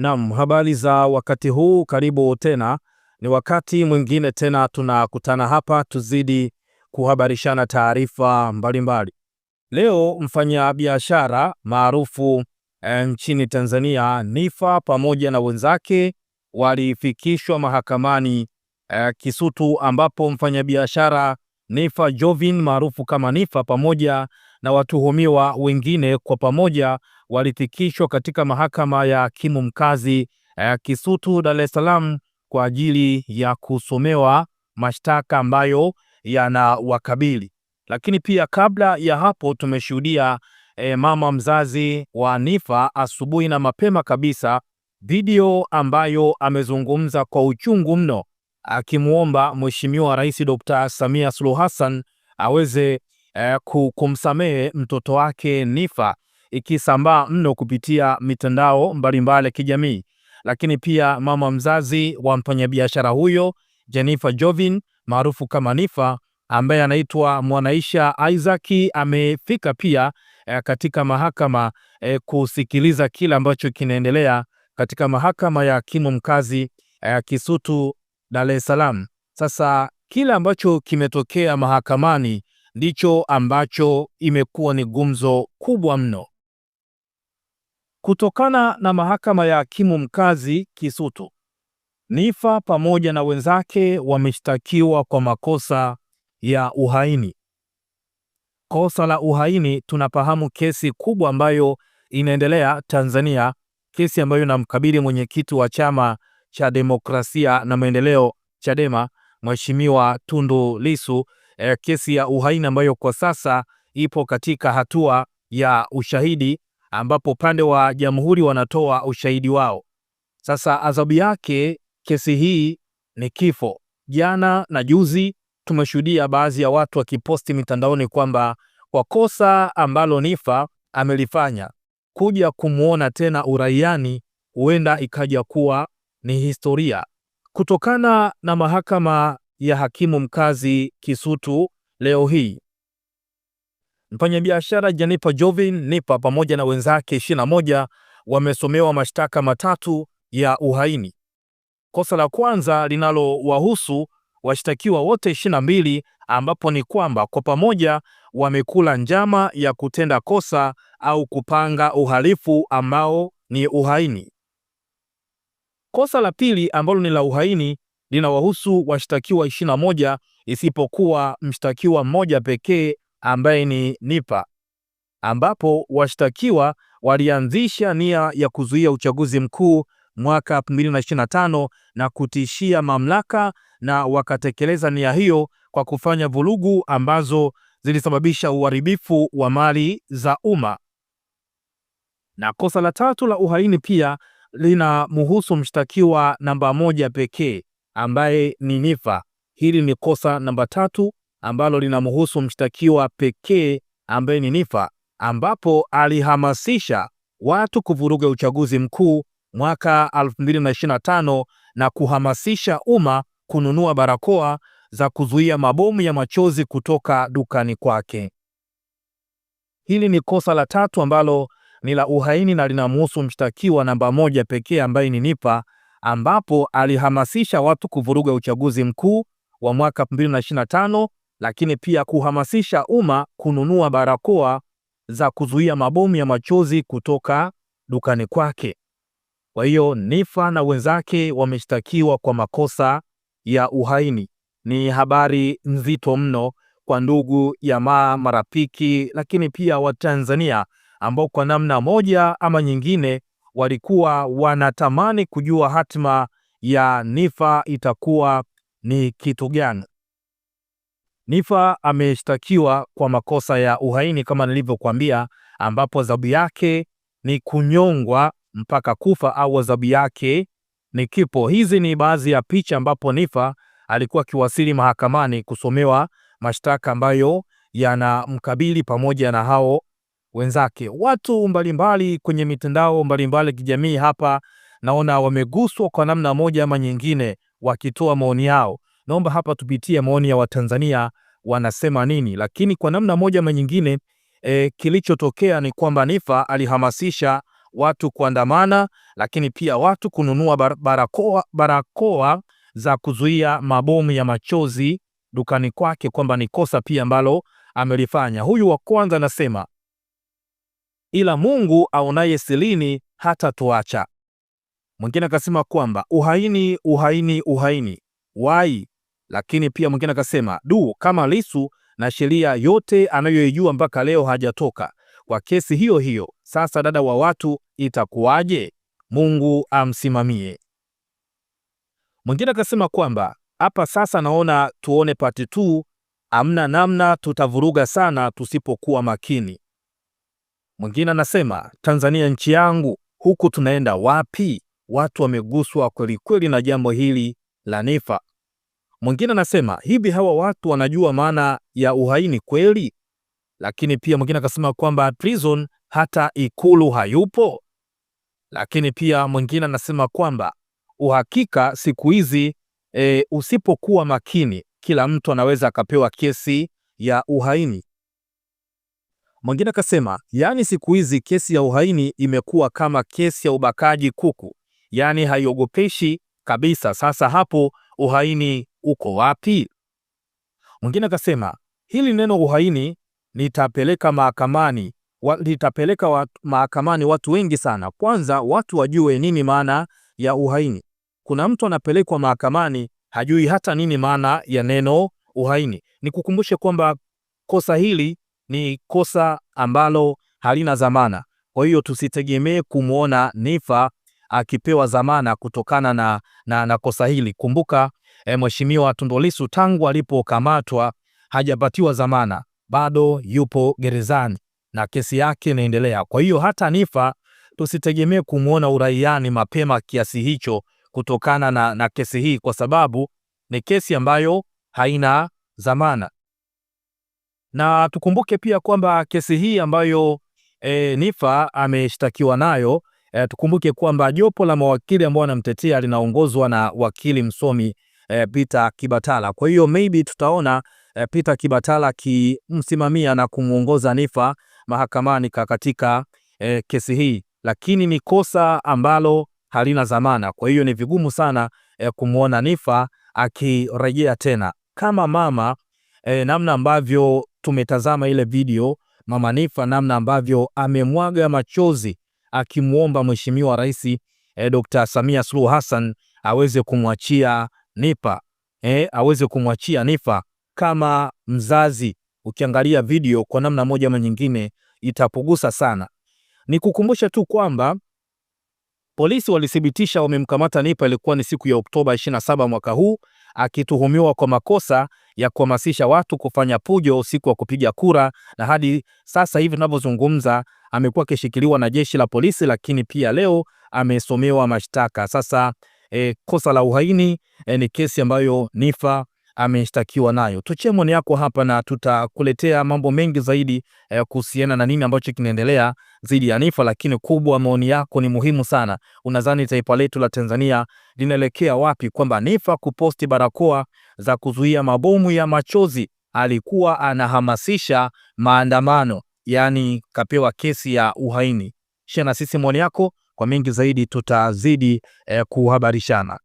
Naam, habari za wakati huu, karibu tena. Ni wakati mwingine tena tunakutana hapa tuzidi kuhabarishana taarifa mbalimbali. Leo mfanyabiashara maarufu eh, nchini Tanzania nifa pamoja na wenzake walifikishwa mahakamani eh, Kisutu ambapo mfanyabiashara Nifa Jovin maarufu kama nifa pamoja na watuhumiwa wengine kwa pamoja walifikishwa katika mahakama ya hakimu mkazi ya eh, Kisutu, Dar es Salaam kwa ajili ya kusomewa mashtaka ambayo yanawakabili. Lakini pia kabla ya hapo tumeshuhudia e, mama mzazi wa Nifa asubuhi na mapema kabisa, video ambayo amezungumza kwa uchungu mno akimwomba Mheshimiwa Rais Dr. Samia Suluhu Hassan aweze e, kumsamehe mtoto wake Nifa ikisambaa mno kupitia mitandao mbalimbali ya kijamii. Lakini pia mama mzazi wa mfanyabiashara huyo Jennifer Jovin maarufu kama Nifa ambaye anaitwa Mwanaisha Isaac amefika pia eh, katika mahakama eh, kusikiliza kile ambacho kinaendelea katika mahakama ya hakimu mkazi eh, Kisutu Dar es Salaam. Sasa kile ambacho kimetokea mahakamani ndicho ambacho imekuwa ni gumzo kubwa mno. Kutokana na mahakama ya hakimu mkazi Kisutu, Nifa pamoja na wenzake wameshtakiwa kwa makosa ya uhaini. Kosa la uhaini, tunafahamu kesi kubwa ambayo inaendelea Tanzania, kesi ambayo inamkabili mwenyekiti wa Chama cha Demokrasia na Maendeleo, Chadema, Mheshimiwa Tundu Lissu, eh, kesi ya uhaini ambayo kwa sasa ipo katika hatua ya ushahidi ambapo upande wa jamhuri wanatoa ushahidi wao. Sasa adhabu yake kesi hii ni kifo. Jana na juzi tumeshuhudia baadhi ya watu wakiposti mitandaoni kwamba kwa kosa ambalo Niffer amelifanya kuja kumwona tena uraiani, huenda ikaja kuwa ni historia kutokana na mahakama ya hakimu mkazi Kisutu leo hii Mfanyabiashara janipa Jovin Nipa pamoja na wenzake 21 wamesomewa mashtaka matatu ya uhaini. Kosa la kwanza linalowahusu washtakiwa wote 22 ambapo ni kwamba kwa pamoja wamekula njama ya kutenda kosa au kupanga uhalifu ambao ni uhaini. Kosa la pili ambalo ni la uhaini linawahusu washtakiwa 21 isipokuwa mshtakiwa mmoja pekee ambaye ni NIPA, ambapo washtakiwa walianzisha nia ya kuzuia uchaguzi mkuu mwaka 2025 na kutishia mamlaka na wakatekeleza nia hiyo kwa kufanya vurugu ambazo zilisababisha uharibifu wa mali za umma. Na kosa la tatu la uhaini pia linamhusu mshtakiwa namba moja pekee ambaye ni NIPA. Hili ni kosa namba tatu ambalo linamhusu mshtakiwa pekee ambaye ni Nifa, ambapo alihamasisha watu kuvuruga uchaguzi mkuu mwaka 2025 na kuhamasisha umma kununua barakoa za kuzuia mabomu ya machozi kutoka dukani kwake. Hili ni kosa la tatu ambalo ni la uhaini na linamhusu mshtakiwa namba moja pekee ambaye ni nifa ambapo alihamasisha watu kuvuruga uchaguzi mkuu wa mwaka lakini pia kuhamasisha umma kununua barakoa za kuzuia mabomu ya machozi kutoka dukani kwake. Kwa hiyo Nifa na wenzake wameshtakiwa kwa makosa ya uhaini. Ni habari nzito mno kwa ndugu, jamaa, marafiki, lakini pia Watanzania ambao kwa namna moja ama nyingine walikuwa wanatamani kujua hatima ya Nifa itakuwa ni kitu gani. Nifa ameshtakiwa kwa makosa ya uhaini kama nilivyokuambia, ambapo adhabu yake ni kunyongwa mpaka kufa au adhabu yake ni kipo. Hizi ni baadhi ya picha ambapo Nifa alikuwa akiwasili mahakamani kusomewa mashtaka ambayo yanamkabili pamoja na hao wenzake. Watu mbalimbali kwenye mitandao mbalimbali ya kijamii hapa naona wameguswa kwa namna moja ama nyingine, wakitoa maoni yao. Naomba hapa tupitie maoni ya Watanzania wanasema nini, lakini kwa namna moja ama nyingine e, kilichotokea ni kwamba Nifa alihamasisha watu kuandamana, lakini pia watu kununua barakoa, barakoa za kuzuia mabomu ya machozi dukani kwake, kwamba ni kosa pia ambalo amelifanya. Huyu wa kwanza anasema ila Mungu aonaye silini hata tuacha. Mwingine akasema kwamba uhaini, uhaini, uhaini wai lakini pia mwingine akasema du, kama lisu na sheria yote anayoijua mpaka leo hajatoka kwa kesi hiyo hiyo, sasa dada wa watu itakuwaje? Mungu amsimamie. Mwingine akasema kwamba hapa sasa naona tuone pati tu, amna namna, tutavuruga sana tusipokuwa makini. Mwingine anasema Tanzania nchi yangu, huku tunaenda wapi? Watu wameguswa kwelikweli na jambo hili la nefa Mwingine anasema hivi, hawa watu wanajua maana ya uhaini kweli? Lakini pia mwingine akasema kwamba prison hata Ikulu hayupo. Lakini pia mwingine anasema kwamba uhakika siku hizi e, usipokuwa makini kila mtu anaweza akapewa kesi ya uhaini. Mwingine akasema yaani, siku hizi kesi ya uhaini imekuwa kama kesi ya ubakaji kuku, yaani haiogopeshi kabisa. Sasa hapo uhaini uko wapi? Mwingine akasema hili neno uhaini nitapeleka mahakamani wa, litapeleka wa, mahakamani watu wengi sana. Kwanza watu wajue nini maana ya uhaini. Kuna mtu anapelekwa mahakamani hajui hata nini maana ya neno uhaini. Nikukumbushe kwamba kosa hili ni kosa ambalo halina dhamana, kwa hiyo tusitegemee kumwona Nifa akipewa dhamana kutokana na, na, na kosa hili. Kumbuka e, Mheshimiwa Tundu Lissu tangu alipokamatwa hajapatiwa dhamana, bado yupo gerezani na kesi yake inaendelea. Kwa hiyo hata nifa tusitegemee kumwona uraiani mapema kiasi hicho kutokana na, na kesi hii, kwa sababu ni kesi ambayo haina dhamana, na tukumbuke pia kwamba kesi hii ambayo e, Nifa ameshtakiwa nayo E, tukumbuke kwamba jopo la mawakili ambao wanamtetea linaongozwa na wakili msomi e, Peter Kibatala. Kwa hiyo maybe tutaona e, Peter Kibatala akimsimamia na kumuongoza Nifa mahakamani katika e, kesi hii, lakini ni kosa ambalo halina dhamana. Kwa hiyo ni vigumu sana e, kumwona Nifa akirejea tena kama mama e, namna ambavyo tumetazama ile video mama Nifa namna ambavyo amemwaga machozi akimwomba Mheshimiwa Rais eh, Dr. Samia Suluhu Hassan aweze kumwachia Nifa eh, aweze kumwachia Nifa kama mzazi. Ukiangalia video kwa namna moja ama nyingine itapugusa sana. Nikukumbusha tu kwamba polisi walithibitisha wamemkamata Nipa, ilikuwa ni siku ya Oktoba 27 mwaka huu, akituhumiwa kwa makosa ya kuhamasisha watu kufanya pujo usiku wa kupiga kura, na hadi sasa hivi tunavyozungumza amekuwa akishikiliwa na jeshi la polisi, lakini pia leo amesomewa mashtaka. Sasa e, kosa la uhaini e, ni kesi ambayo Niffer ameshtakiwa nayo. Tuchie maoni yako hapa na tutakuletea mambo mengi zaidi eh, kuhusiana na nini ambacho kinaendelea dhidi ya Nifa, lakini kubwa, maoni yako ni muhimu sana. Unadhani taifa letu la Tanzania linaelekea wapi? Kwamba Nifa kuposti barakoa za kuzuia mabomu ya machozi alikuwa anahamasisha maandamano, yaani kapewa kesi ya uhaini. Shia na sisi maoni yako, kwa mengi zaidi tutazidi eh, kuhabarishana.